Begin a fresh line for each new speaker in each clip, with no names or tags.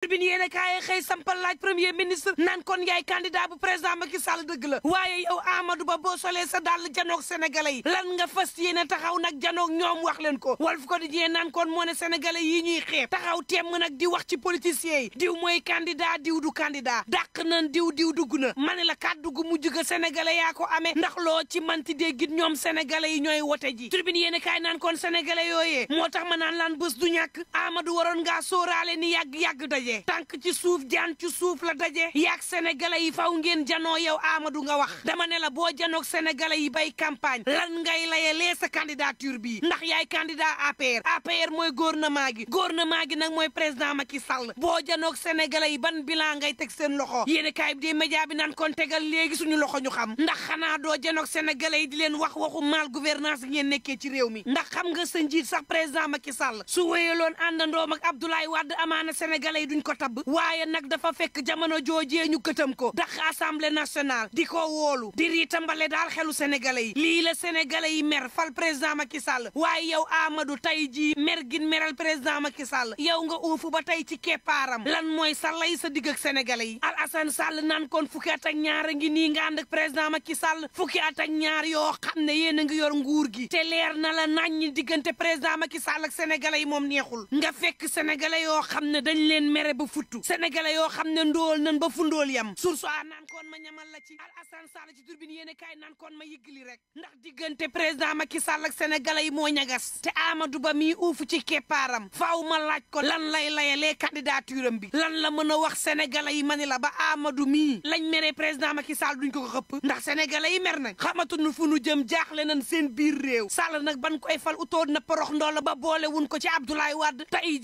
tribune yéen a kaay xëy sampal laaj premier ministre naan kon yaay candidat bu président Macky Sall dëgg la waaye yow Amadou Ba boo sa dàll janoog sénégalais yi lan nga fas yéene taxaw nag janoog ñoom wax leen ko Walf Quotidien naan kon moo ne sénégalais yi ñuy xeeb taxaw teem nag di wax ci politiciens yi diw mooy candidat diw du candidat dàq nan diw diw dugg na ma ne la kàddu mu mujj ga sénégalais yaa ko amee ndax loo ci manti déggit ñoom sénégalais yi ñooy wote ji tribune yéen a kaay naan kon sénégalais yooyee moo tax ma naan laan bés du ñàkk Amadou waroon ngaa sóoraale ni yàgg-yàgg daje daje tànk ci suuf jaan ci suuf la daje yaag sénégalais yi faw ngeen janoo yow aamadu nga wax dama ne la boo janoog sénégalais yi bay campagne lan ngay layalee sa candidature bi ndax yaay candidat APR APR mooy góor gouvernement gi gouvernement gi nag mooy président Macky Sall boo janoog sénégalais yi ban bilan ngay teg seen loxo yéen kaay bi di média bi naan kon tegal léegi suñu loxo ñu xam ndax xanaa doo janoog sénégalais yi di leen wax waxu mal gouvernance ngeen nekkee ci réew mi ndax xam nga sa njiit sax président Macky Sall su wéyaloon àndandoom ak Abdoulaye Wade amaana sénégalais duñ ko tab waye nak dafa fekk jamono jojé ñu gëtam ko dakh assemblée nationale di ko woolu di riitambale dal xelu sénégalais yi lii la sénégalais yi mer fal président Macky Sall waye yow Amadou tey mer gin meral président Macky Sall yow nga uufu ba tay ci képaram lan moy sa lay sa digg ak sénégalais yi Al Hassan Sall nan kon fukki at ak ñaar a ngi nii nga and ak président Macky Sall fukki at ak ñaar yo xamné nga yor nguur gi te lér na la nañ digënté président Macky Sall ak sénégalais yi neexul nga fekk sénégalais yo xamné dañ leen mer pare ba futtu sénégalais yoo xam ne ndóol nan ba fu ndóol yam source a naan koon ma ñamal la ci al asan sall ci turbine yéene kaay naan koon ma yëggali rek ndax diggante président Macky Sall ak sénégalais yi moo ñagas te Amadou Ba mii uufu ci keppaaram faaw ma laaj ko lan lay layalee candidature am bi lan la mën a wax sénégalais yi ma ni la ba Amadou mii lañ meree président ki Sall duñ ko ko xëpp ndax sénégalais yi mer nañ xamatuñu fu nu jëm jaaxle nañ seen biir réew Sall nag ban koy fal utoon na porox ndoola ba ko ci Abdoulaye Wade tey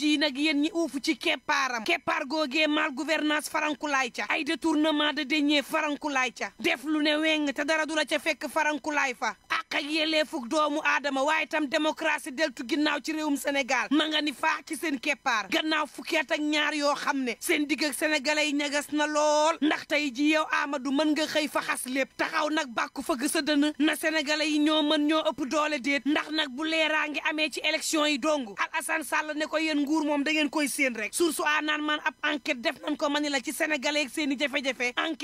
départ googee mal gouvernance farankulaay ca ay détournement de deniers farankulaay ca def lu ne weng te dara du la ca fekk laay fa ak yelleefug doomu aadama waaye itam démocratie deltu ginnaaw ci réewum Sénégal ma nga ni faa ci seen keppaar gannaaw fukki at ak ñaar yoo xam ne seen digg ak yi ñagas na lool ndax tey ji yow Amadou mën nga xëy fa xas lépp taxaw nag bàkku fëgg sa dënn na sénégalais yi ñoo mën ñoo ëpp doole déet ndax nag bu leeraa ngi amee ci élection yi dong Alassane Sall ne ko yéen nguur moom da ngeen koy séen rek source a naan man ab enquête def nan ko ma ni la ci sénégalais ak seen i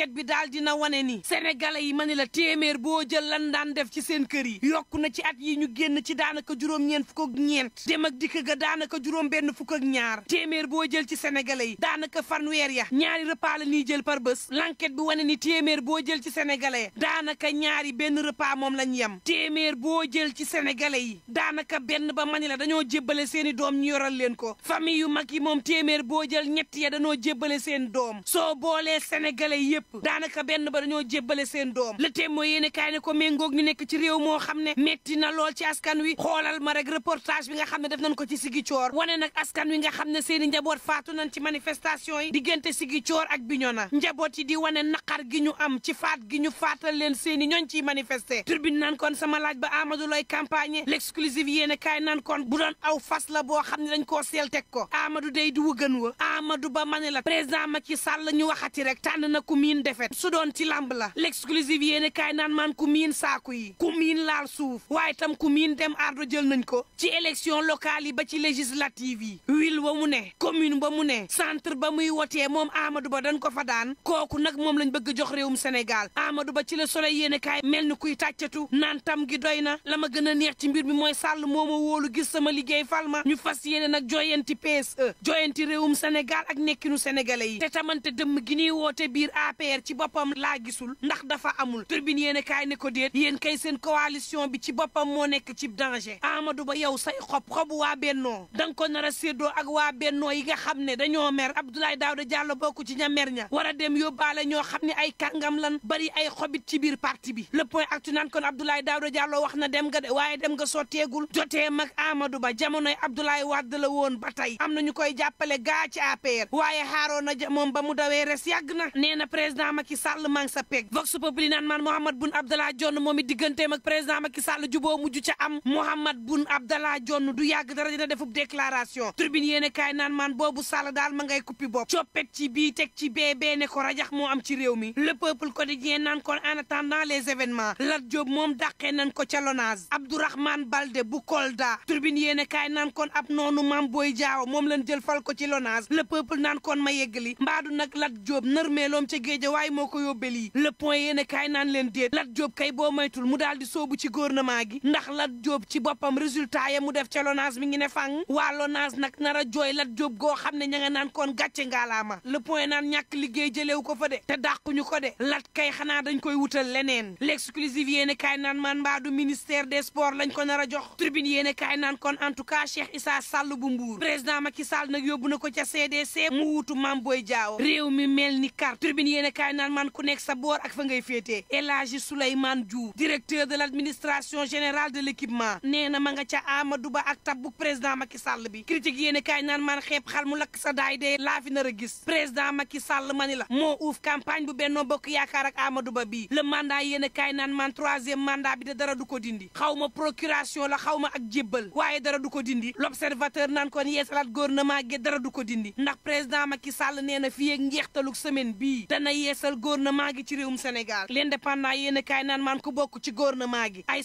bi daal dina wane ni sénégalais yi ma ni la téeméer boo jël lan daan def ci seen kër yi yokku na ci at yi ñu génn ci daanaka juróom-ñeent fukk ak ñeent dem ak dikk ga daanaka juróom benn fukk ak ñaar téeméer boo jël ci sénégalais yi daanaka fanweer ya ñaari repas la ñuy jël par bés l'enquête bi wane ni téeméer boo jël ci sénégalais daanaka ñaari benn repas moom lañ yem téeméer boo jël ci sénégalais yi daanaka benn ba mani la dañoo jébbale seeni doom ñu yoral leen ko famille yu mag yi moom téeméer boo jël ñett ya dañoo jébbale seen doom soo boolee sénégalais yépp daanaka benn ba dañoo jébbale seen doom le témoin yéene kaay ko méngoog ñu nekk ci réew moo xam ne metti na lool ci askan wi xoolal ma rek reportage bi nga xam ne def nañ ko ci siggi coor wane nag askan wi nga xam ne seeni njaboot faatu nañ ci manifestation yi diggante sigi coor ak Bignona njaboot yi di wane naqar gi ñu am ci faat gi ñu faatal leen seeni ñooñ ciy manifester turbine nan kon sama laaj ba Amadou Lay campagne l'exclusive yéene kaay naan kon bu doon aw fas la boo xam ne dañ koo seel teg ko amadu dey du wëgën wa Amadou Ba mane la président Macky Sall ñu waxati rek tànn na ku miin su doon ci làmb la l'exclusive yéene kaay naan maan miin saaku yi miin suuf waaye tam ku miin dem ardo jël nañ ko ci élection locale yi ba ci législative yi wil wa mu ne commune ba mu ne centre ba muy wotee moom Amadou Ba dañ ko fa daan kooku nag moom lañ bëgg jox réewum Sénégal Amadou Ba ci la soleil yéene kaay mel ni kuy tàccatu naan tam gi doy na la ma gën a neex ci mbir mi mooy sàll moo ma wóolu gis sama liggéey fal ma ñu fas yéene nag joyanti PSE joyanti réewum Sénégal ak nekkinu sénégalais yi te tamante dëmm gi ñuy woote biir APR ci boppam laa gisul ndax dafa amul turbine yéene kaay ne ko déet coalition bi ci boppam moo nekk ci danger Amadou Ba yow say xob xobu waa Bennoo da nga ko nar a ak waa Bennoo yi nga xam ne dañoo mer Abdoulaye Daouda Diallo bokk ci ña ña war dem yóbbaale ñoo xam ne ay kàngam lan bari ay xobit ci biir parti bi le point actu naan kon Abdoulaye Daouda Diallo wax na dem nga de waaye dem nga sotteegul jotee mag amadu Ba jamonoy Abdoulaye Wade la woon ba tey am na ñu koy jàppale gaa ci APR waaye xaaroon na moom ba mu dawee res yàgg na nee na président Macky Sall maa ngi sa pegg Vox Populi naan man Mahammed Boun Abdallah Dionne moom it digganteem ak président Macky Sall juboo mujj ca am Mohamed Boun Abdallah Dionne du yàgg dara dina defub déclaration tribune yéen kaay naan maan boobu Sall daal ma ngay kuppi bopp coppet ci bii teg ci bee bee ne ko rajax moo am ci réew mi le peuple quotidien naan kon en attendant les événements Lat Diop moom dàqee nañ ko ca Lonase Abdourahmane Balde bu Kolda tribune yéen kaay naan kon ab noonu Mame Boye Diao moom lañ jël fal ko ci Lonase le naan kon ma yeggali mbaadu nag Lat Diop nërmeeloom ca géejawaay moo ko yóbbee lii le point yéen kaay soobu ci gouvernement gi ndax Lat Diop ci boppam résultat ya mu def ca LONASE mi ngi ne fang waa LONASE nag nar a jooy Lat Diop goo xam ne ña nga naan koon gàcce ngaalaama le point naan ñàkk liggéey jëlewu ko fa de te dàquñu ko de lat kay xanaa dañ koy wutal leneen l'exclusive yéene kaay naan man mbaa du ministère des sports lañ ko nar a jox tribune yéene kaay naan kon en tout cas Cheikh Issa Sall bu Mbour président Macky Sall nag yóbbu na ko ca CDC mu wuutu mam Boye Diao réew mi mel ni carte tribune yéene kaay naan man ku nekk sa boor ak fa ngay féetee El Hadji Souleymane Diouf administration générale de l'équipement nee na ma nga ca Amadou Ba ak tabbu président Macky Sall bi critique yéen i kaay naan man xeeb xal mu lakk sa daay dee laa fi nar a gis président Macky Sall ma ni la moo uuf campagne bu Benno Bokk Yaakaar ak Amadou Ba bi le mandat yéen i kaay naan man troisième mandat bi de dara du ko dindi xaw ma procuration la xaw ma ak jébbal waaye dara du ko dindi l'observateur naan kon yeesalaat gouvernement gi dara du ko dindi ndax président Macky Sall nee na fii ak njeextaluk bii dana yeesal gouvernement gi ci réewum Sénégal l'indépendant yéen kaay naan man ku bokk ci gouvernement gouvernement gi ay